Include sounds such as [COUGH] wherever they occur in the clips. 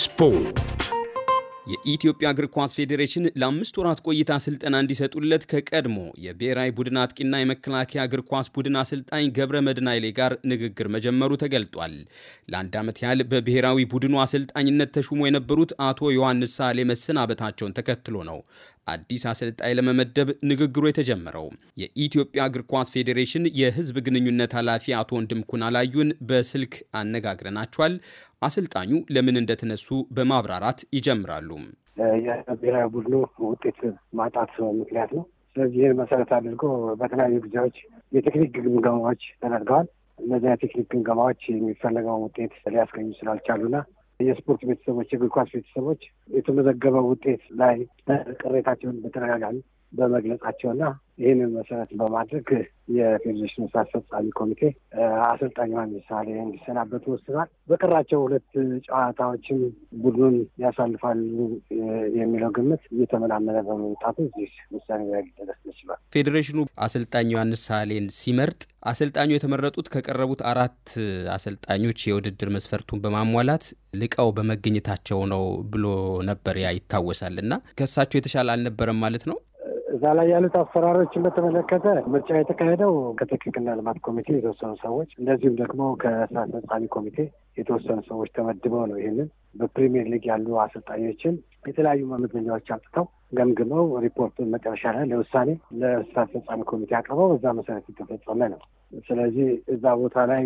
ስፖርት የኢትዮጵያ እግር ኳስ ፌዴሬሽን ለአምስት ወራት ቆይታ ስልጠና እንዲሰጡለት ከቀድሞ የብሔራዊ ቡድን አጥቂና የመከላከያ እግር ኳስ ቡድን አሰልጣኝ ገብረ መድናይሌ ጋር ንግግር መጀመሩ ተገልጧል። ለአንድ ዓመት ያህል በብሔራዊ ቡድኑ አሰልጣኝነት ተሹሞ የነበሩት አቶ ዮሐንስ ሳሌ መሰናበታቸውን ተከትሎ ነው አዲስ አሰልጣኝ ለመመደብ ንግግሩ የተጀመረው የኢትዮጵያ እግር ኳስ ፌዴሬሽን የህዝብ ግንኙነት ኃላፊ አቶ ወንድምኩን አላዩን በስልክ አነጋግረናቸዋል። አሰልጣኙ ለምን እንደተነሱ በማብራራት ይጀምራሉ። የብሔራዊ ቡድኑ ውጤት ማጣት ምክንያት ነው። ስለዚህ ይህን መሰረት አድርጎ በተለያዩ ጊዜዎች የቴክኒክ ግምገማዎች ተደርገዋል። እነዚያ የቴክኒክ ግምገማዎች የሚፈለገውን ውጤት ሊያስገኙ ስላልቻሉና የስፖርት ቤተሰቦች፣ የእግር ኳስ ቤተሰቦች የተመዘገበ ውጤት ላይ ቅሬታቸውን በተደጋጋሚ በመግለጻቸውና ይህንን መሰረት በማድረግ የፌዴሬሽኑ ስራ አስፈጻሚ ኮሚቴ አሰልጣኝ ዮሐንስ ሳሌ እንዲሰናበቱ ወስኗል። በቀራቸው ሁለት ጨዋታዎችም ቡድኑን ያሳልፋሉ የሚለው ግምት እየተመናመነ በመምጣቱ እዚህ ውሳኔ ላይ ሊደረስ ፌዴሬሽኑ አሰልጣኝ ዮሐንስ ሲመርጥ አሰልጣኙ የተመረጡት ከቀረቡት አራት አሰልጣኞች የውድድር መስፈርቱን በማሟላት ልቀው በመገኘታቸው ነው ብሎ ነበር። ያ ይታወሳል እና ከእሳቸው የተሻለ አልነበረም ማለት ነው። እዛ ላይ ያሉት አሰራሮችን በተመለከተ ምርጫ የተካሄደው ከጥቅቅና ልማት ኮሚቴ የተወሰኑ ሰዎች እንደዚሁም ደግሞ ከስራ አስፈጻሚ ኮሚቴ የተወሰኑ ሰዎች ተመድበው ነው። ይህንን በፕሪሚየር ሊግ ያሉ አሰልጣኞችን የተለያዩ መመዘኛዎች አምጥተው ገምግመው ሪፖርቱን መጨረሻ ላይ ለውሳኔ ለስራ አስፈጻሚ ኮሚቴ አቅርበው በዛ መሰረት የተፈጸመ ነው። ስለዚህ እዛ ቦታ ላይ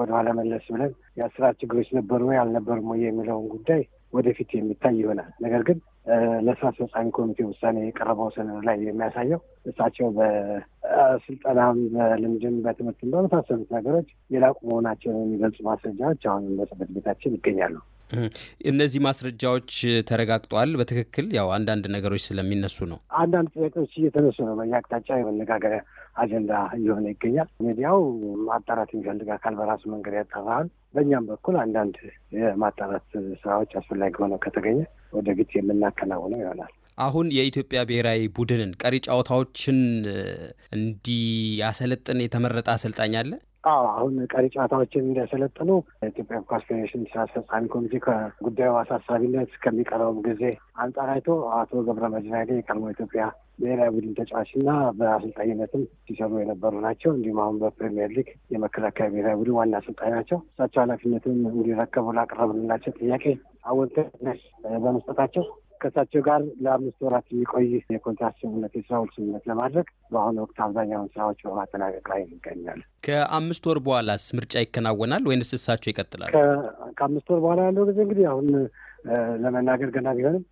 ወደኋላ መለስ ብለን የአሰራር ችግሮች ነበሩ ወይ አልነበሩም የሚለውን ጉዳይ ወደፊት የሚታይ ይሆናል። ነገር ግን ለስራ አስፈጻሚ ኮሚቴ ውሳኔ የቀረበው ሰነድ ላይ የሚያሳየው እሳቸው በስልጠናም በልምድም በትምህርትም በመሳሰሉት ነገሮች የላቁ መሆናቸውን የሚገልጹ ማስረጃዎች አሁንም በጽሕፈት ቤታችን ይገኛሉ። እነዚህ ማስረጃዎች ተረጋግጠዋል። በትክክል ያው አንዳንድ ነገሮች ስለሚነሱ ነው። አንዳንድ ጥያቄዎች እየተነሱ ነው። በየአቅጣጫ የመነጋገሪያ አጀንዳ እየሆነ ይገኛል። ሚዲያው ማጣራት የሚፈልግ አካል በራሱ መንገድ ያጠራል። በእኛም በኩል አንዳንድ የማጣራት ስራዎች አስፈላጊ ሆነው ከተገኘ ወደፊት የምናከናውነው ይሆናል። አሁን የኢትዮጵያ ብሔራዊ ቡድንን ቀሪ ጨዋታዎችን እንዲያሰለጥን የተመረጠ አሰልጣኝ አለ። አዎ አሁን ቀሪ ጨዋታዎችን እንዲያሰለጥኑ ኢትዮጵያ ኳስ ፌዴሬሽን ስራ አስፈጻሚ ኮሚቴ ከጉዳዩ አሳሳቢነት ከሚቀረቡ ጊዜ አንጻር አይቶ አቶ ገብረ መድናገ የቀድሞ ኢትዮጵያ ብሔራዊ ቡድን ተጫዋች እና በአሰልጣኝነትም ሲሰሩ የነበሩ ናቸው። እንዲሁም አሁን በፕሪሚየር ሊግ የመከላከያ ብሔራዊ ቡድን ዋና አሰልጣኝ ናቸው። እሳቸው ኃላፊነትም እንዲረከቡ ላቀረብንላቸው ጥያቄ አወንተ በመስጠታቸው ከእሳቸው ጋር ለአምስት ወራት የሚቆይ የኮንትራት ስምምነት የስራውን ስምምነት ለማድረግ በአሁኑ ወቅት አብዛኛውን ስራዎች በማጠናቀቅ ላይ ይገኛል። ከአምስት ወር በኋላስ ምርጫ ይከናወናል ወይንስ እሳቸው ይቀጥላል? ከአምስት ወር በኋላ ያለው ጊዜ እንግዲህ አሁን ለመናገር ገና ቢሆንም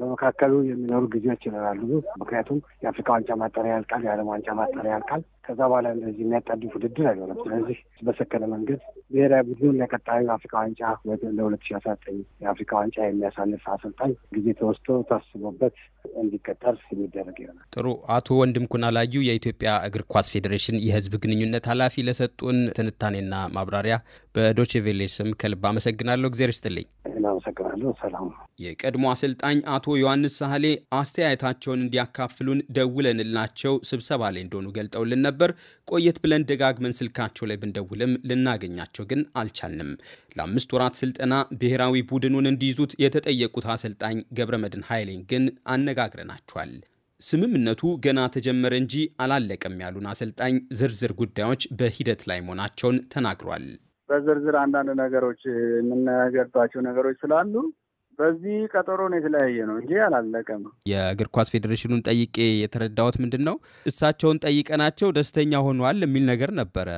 በመካከሉ የሚኖሩ ጊዜዎች ይኖራሉ። ምክንያቱም የአፍሪካ ዋንጫ ማጣሪያ ያልቃል፣ የዓለም ዋንጫ ማጣሪያ ያልቃል። ከዛ በኋላ እንደዚህ የሚያጣድፍ ውድድር አይሆንም። ስለዚህ በሰከነ መንገድ ብሔራዊ ቡድኑን ለቀጣዩ አፍሪካ ዋንጫ ለሁለት ሺ አስራ ዘጠኝ የአፍሪካ ዋንጫ የሚያሳልፍ አሰልጣኝ ጊዜ ተወስዶ ታስቦበት እንዲቀጠር የሚደረግ ይሆናል። ጥሩ። አቶ ወንድም ኩናላዩ የኢትዮጵያ እግር ኳስ ፌዴሬሽን የህዝብ ግንኙነት ኃላፊ ለሰጡን ትንታኔና ማብራሪያ በዶቼ ቬሌ ስም ከልብ አመሰግናለሁ። እግዜር ይስጥልኝ። አመሰግናለሁ። ሰላም። የቀድሞ አሰልጣኝ አቶ ዮሐንስ ሳህሌ አስተያየታቸውን እንዲያካፍሉን ደውለንላቸው ስብሰባ ላይ እንደሆኑ ገልጠውልን ነበር። ቆየት ብለን ደጋግመን ስልካቸው ላይ ብንደውልም ልናገኛቸው ግን አልቻልንም። ለአምስት ወራት ስልጠና ብሔራዊ ቡድኑን እንዲይዙት የተጠየቁት አሰልጣኝ ገብረመድን ኃይሌን ግን አነጋግረናቸዋል። ስምምነቱ ገና ተጀመረ እንጂ አላለቀም ያሉን አሰልጣኝ ዝርዝር ጉዳዮች በሂደት ላይ መሆናቸውን ተናግሯል። በዝርዝር አንዳንድ ነገሮች የምናገርባቸው ነገሮች ስላሉ በዚህ ቀጠሮ ነው የተለያየ ነው እንጂ አላለቀም። የእግር ኳስ ፌዴሬሽኑን ጠይቄ የተረዳሁት ምንድን ነው እሳቸውን ጠይቀናቸው ደስተኛ ሆኗል የሚል ነገር ነበረ።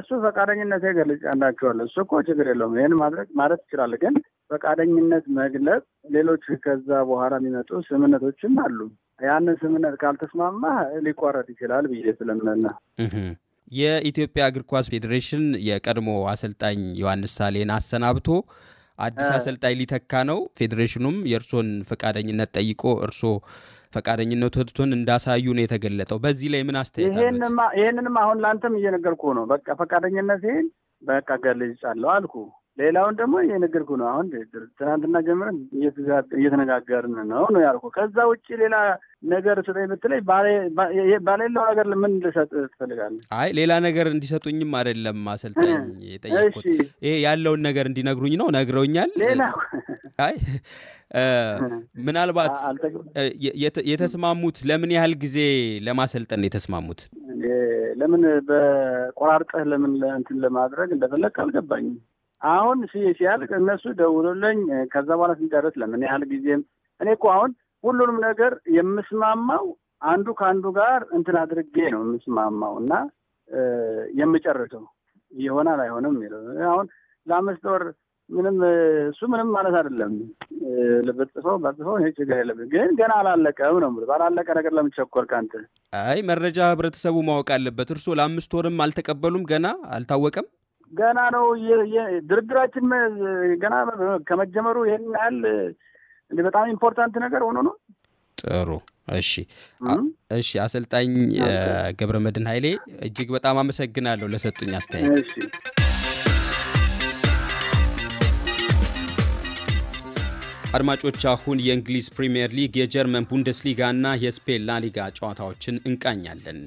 እሱ ፈቃደኝነት ገልጫላቸዋለሁ። እሱ እኮ ችግር የለውም ይህን ማድረግ ማለት ይችላል። ግን ፈቃደኝነት መግለጽ ሌሎች ከዛ በኋላ የሚመጡ ስምምነቶችም አሉ። ያንን ስምምነት ካልተስማማ ሊቋረጥ ይችላል ብዬ ስለምነና የኢትዮጵያ እግር ኳስ ፌዴሬሽን የቀድሞ አሰልጣኝ ዮሐንስ ሳሌን አሰናብቶ አዲስ አሰልጣኝ ሊተካ ነው። ፌዴሬሽኑም የእርሶን ፈቃደኝነት ጠይቆ እርሶ ወጥቶን እንዳሳዩ ነው የተገለጠው። በዚህ ላይ ምን አስተያየት? ይህንንም አሁን ለአንተም እየነገርኩ ነው። በቃ ይህን በቃ ገልጫለሁ አልኩ። ሌላውን ደግሞ የነገርኩህ ነው። አሁን ትናንትና ጀምረን እየተነጋገርን ነው ነው ያልኩ። ከዛ ውጭ ሌላ ነገር ስጠኝ ብትለኝ ባሌለው ነገር ምን ልሰጥ ትፈልጋለህ? አይ ሌላ ነገር እንዲሰጡኝም አይደለም አሰልጣኝ የጠየቁት፣ ይሄ ያለውን ነገር እንዲነግሩኝ ነው። ነግረውኛል። ሌላ አይ [LAUGHS] ምናልባት የተስማሙት ለምን ያህል ጊዜ ለማሰልጠን የተስማሙት ለምን በቆራርጠህ ለምን እንትን ለማድረግ እንደፈለግ አልገባኝም። አሁን ሲያልቅ እነሱ ደውሎልኝ ከዛ በኋላ ስንጨርስ ለምን ያህል ጊዜም እኔ እኮ አሁን ሁሉንም ነገር የምስማማው አንዱ ከአንዱ ጋር እንትን አድርጌ ነው የምስማማው እና የምጨርሰው ይሆናል አይሆንም የሚለው አሁን ለአምስት ወር ምንም እሱ ምንም ማለት አይደለም። በጽፈው ባጽፈው ይህ ችግር የለብን፣ ግን ገና አላለቀም ነው የምልህ። ባላለቀ ነገር ለምቸኮል ከአንተ? አይ መረጃ ህብረተሰቡ ማወቅ አለበት። እርስዎ ለአምስት ወርም አልተቀበሉም? ገና አልታወቀም? ገና ነው። ድርድራችን ገና ከመጀመሩ ይህን ያህል በጣም ኢምፖርታንት ነገር ሆኖ ነው። ጥሩ እሺ፣ እሺ። አሰልጣኝ ገብረ መድን ኃይሌ እጅግ በጣም አመሰግናለሁ ለሰጡኝ አስተያየት። አድማጮች አሁን የእንግሊዝ ፕሪምየር ሊግ፣ የጀርመን ና የስፔን ላሊጋ ጨዋታዎችን እንቃኛለን።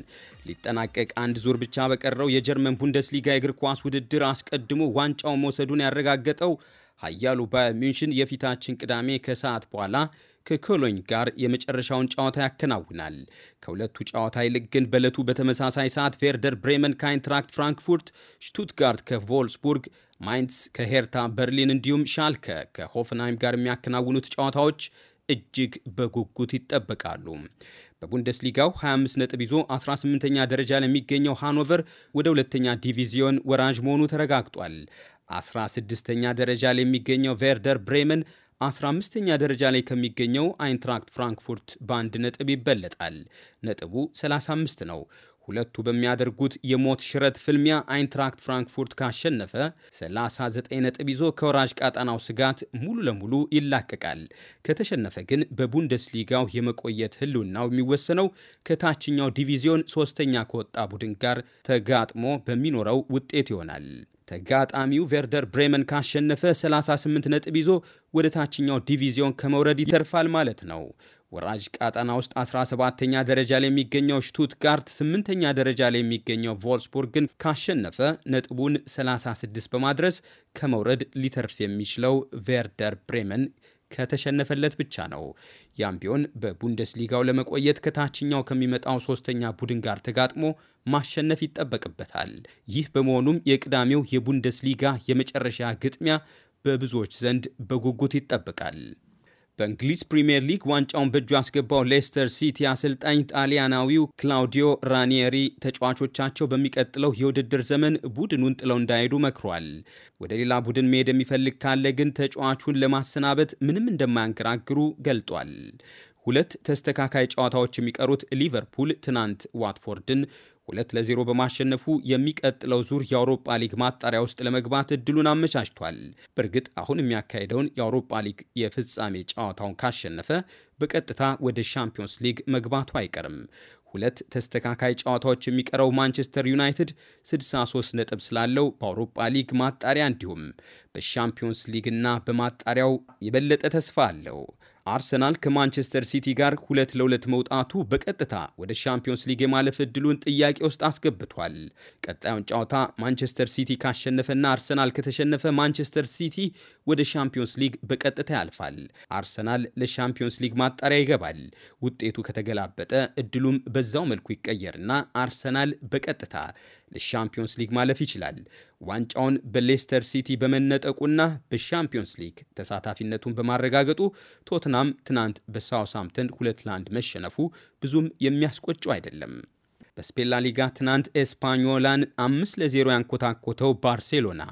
ሊጠናቀቅ አንድ ዙር ብቻ በቀረው የጀርመን ቡንደስሊጋ የእግር ኳስ ውድድር አስቀድሞ ዋንጫው መውሰዱን ያረጋገጠው ሀያሉ ባየር ሚንሽን የፊታችን ቅዳሜ ከሰዓት በኋላ ከኮሎኝ ጋር የመጨረሻውን ጨዋታ ያከናውናል። ከሁለቱ ጨዋታ ይልቅ ግን በዕለቱ በተመሳሳይ ሰዓት ቬርደር ብሬመን ከአይንትራክት ፍራንክፉርት፣ ሽቱትጋርት ከቮልስቡርግ፣ ማይንስ ከሄርታ በርሊን እንዲሁም ሻልከ ከሆፍንሃይም ጋር የሚያከናውኑት ጨዋታዎች እጅግ በጉጉት ይጠበቃሉ። በቡንደስሊጋው 25 ነጥብ ይዞ 18ኛ ደረጃ ለሚገኘው ሃኖቨር ወደ ሁለተኛ ዲቪዚዮን ወራጅ መሆኑ ተረጋግጧል። 16ኛ ደረጃ ላይ የሚገኘው ቬርደር ብሬመን 15ኛ ደረጃ ላይ ከሚገኘው አይንትራክት ፍራንክፉርት በአንድ ነጥብ ይበለጣል። ነጥቡ 35 ነው። ሁለቱ በሚያደርጉት የሞት ሽረት ፍልሚያ አይንትራክት ፍራንክፉርት ካሸነፈ 39 ነጥብ ይዞ ከወራጅ ቃጠናው ስጋት ሙሉ ለሙሉ ይላቀቃል። ከተሸነፈ ግን በቡንደስሊጋው የመቆየት ህልውናው የሚወሰነው ከታችኛው ዲቪዚዮን ሶስተኛ ከወጣ ቡድን ጋር ተጋጥሞ በሚኖረው ውጤት ይሆናል። ተጋጣሚው ቬርደር ብሬመን ካሸነፈ 38 ነጥብ ይዞ ወደ ታችኛው ዲቪዚዮን ከመውረድ ይተርፋል ማለት ነው። ወራጅ ቀጠና ውስጥ 17ተኛ ደረጃ ላይ የሚገኘው ሽቱትጋርት፣ ስምንተኛ ደረጃ ላይ የሚገኘው ግን ካሸነፈ ነጥቡን 36 በማድረስ ከመውረድ ሊተርፍ የሚችለው ቬርደር ብሬመን ከተሸነፈለት ብቻ ነው። ያም ቢሆን በቡንደስሊጋው ለመቆየት ከታችኛው ከሚመጣው ሶስተኛ ቡድን ጋር ተጋጥሞ ማሸነፍ ይጠበቅበታል። ይህ በመሆኑም የቅዳሜው የቡንደስሊጋ የመጨረሻ ግጥሚያ በብዙዎች ዘንድ በጉጉት ይጠበቃል። በእንግሊዝ ፕሪምየር ሊግ ዋንጫውን በእጁ ያስገባው ሌስተር ሲቲ አሰልጣኝ ጣሊያናዊው ክላውዲዮ ራኒየሪ ተጫዋቾቻቸው በሚቀጥለው የውድድር ዘመን ቡድኑን ጥለው እንዳይሄዱ መክሯል። ወደ ሌላ ቡድን መሄድ የሚፈልግ ካለ ግን ተጫዋቹን ለማሰናበት ምንም እንደማያንገራግሩ ገልጧል። ሁለት ተስተካካይ ጨዋታዎች የሚቀሩት ሊቨርፑል ትናንት ዋትፎርድን ሁለት ለዜሮ በማሸነፉ የሚቀጥለው ዙር የአውሮፓ ሊግ ማጣሪያ ውስጥ ለመግባት እድሉን አመቻችቷል። በእርግጥ አሁን የሚያካሄደውን የአውሮፓ ሊግ የፍጻሜ ጨዋታውን ካሸነፈ በቀጥታ ወደ ሻምፒዮንስ ሊግ መግባቱ አይቀርም። ሁለት ተስተካካይ ጨዋታዎች የሚቀረው ማንቸስተር ዩናይትድ 63 ነጥብ ስላለው በአውሮፓ ሊግ ማጣሪያ እንዲሁም በሻምፒዮንስ ሊግና በማጣሪያው የበለጠ ተስፋ አለው። አርሰናል ከማንቸስተር ሲቲ ጋር ሁለት ለሁለት መውጣቱ በቀጥታ ወደ ሻምፒዮንስ ሊግ የማለፍ እድሉን ጥያቄ ውስጥ አስገብቷል። ቀጣዩን ጨዋታ ማንቸስተር ሲቲ ካሸነፈና አርሰናል ከተሸነፈ ማንቸስተር ሲቲ ወደ ሻምፒዮንስ ሊግ በቀጥታ ያልፋል። አርሰናል ለሻምፒዮንስ ሊግ ማጣሪያ ይገባል። ውጤቱ ከተገላበጠ እድሉም በዛው መልኩ ይቀየርና አርሰናል በቀጥታ ለሻምፒዮንስ ሊግ ማለፍ ይችላል። ዋንጫውን በሌስተር ሲቲ በመነጠቁና በሻምፒዮንስ ሊግ ተሳታፊነቱን በማረጋገጡ ቶትናም ትናንት በሳውስሃምፕተን ሁለት ለአንድ መሸነፉ ብዙም የሚያስቆጩ አይደለም። በስፔን ሊጋ ትናንት ኤስፓኞላን አምስት ለዜሮ ያንኮታኮተው ባርሴሎና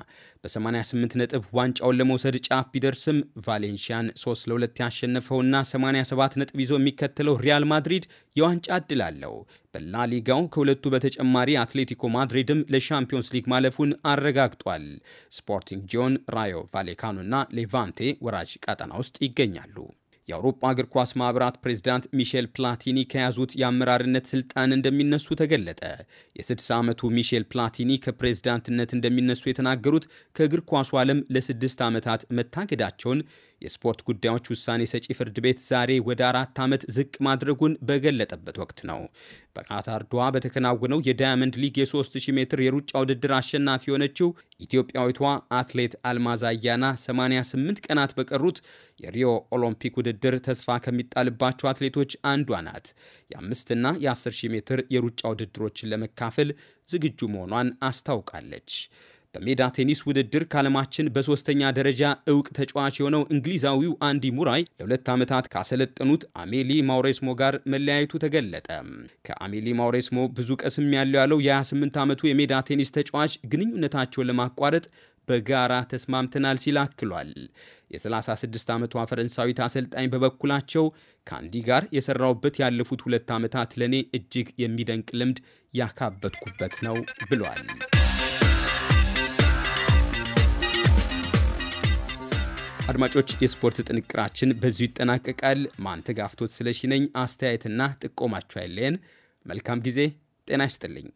በ88 ነጥብ ዋንጫውን ለመውሰድ ጫፍ ቢደርስም ቫሌንሺያን 3 ለ2 ያሸነፈውና 87 ነጥብ ይዞ የሚከተለው ሪያል ማድሪድ የዋንጫ እድል አለው። ሊጋው ከሁለቱ በተጨማሪ አትሌቲኮ ማድሪድም ለሻምፒዮንስ ሊግ ማለፉን አረጋግጧል። ስፖርቲንግ ጆን፣ ራዮ ቫሌካኖና ሌቫንቴ ወራጅ ቀጠና ውስጥ ይገኛሉ። የአውሮፓ እግር ኳስ ማኅበራት ፕሬዝዳንት ሚሼል ፕላቲኒ ከያዙት የአመራርነት ስልጣን እንደሚነሱ ተገለጠ። የ60 ዓመቱ ሚሼል ፕላቲኒ ከፕሬዚዳንትነት እንደሚነሱ የተናገሩት ከእግር ኳሱ ዓለም ለስድስት ዓመታት መታገዳቸውን የስፖርት ጉዳዮች ውሳኔ ሰጪ ፍርድ ቤት ዛሬ ወደ አራት ዓመት ዝቅ ማድረጉን በገለጠበት ወቅት ነው። በቃታር ዶሃ በተከናወነው የዳያመንድ ሊግ የ3000 ሜትር የሩጫ ውድድር አሸናፊ የሆነችው ኢትዮጵያዊቷ አትሌት አልማዝ አያና 88 ቀናት በቀሩት የሪዮ ኦሎምፒክ ውድድር ተስፋ ከሚጣልባቸው አትሌቶች አንዷ ናት። የአምስትና የ10 ሜትር የሩጫ ውድድሮችን ለመካፈል ዝግጁ መሆኗን አስታውቃለች። በሜዳ ቴኒስ ውድድር ከዓለማችን በሶስተኛ ደረጃ እውቅ ተጫዋች የሆነው እንግሊዛዊው አንዲ ሙራይ ለሁለት ዓመታት ካሰለጠኑት አሜሊ ማውሬስሞ ጋር መለያየቱ ተገለጠ። ከአሜሊ ማውሬስሞ ብዙ ቀስም ያለው ያለው የ28 ዓመቱ የሜዳ ቴኒስ ተጫዋች ግንኙነታቸውን ለማቋረጥ በጋራ ተስማምተናል ሲል አክሏል። የ36 ዓመቷ ፈረንሳዊት አሰልጣኝ በበኩላቸው ከአንዲ ጋር የሰራውበት ያለፉት ሁለት ዓመታት ለእኔ እጅግ የሚደንቅ ልምድ ያካበትኩበት ነው ብሏል። አድማጮች፣ የስፖርት ጥንቅራችን በዙ ይጠናቀቃል። ማንተ ጋፍቶት ስለሽነኝ አስተያየትና ጥቆማችሁ አይለየን። መልካም ጊዜ። ጤና ይስጥልኝ።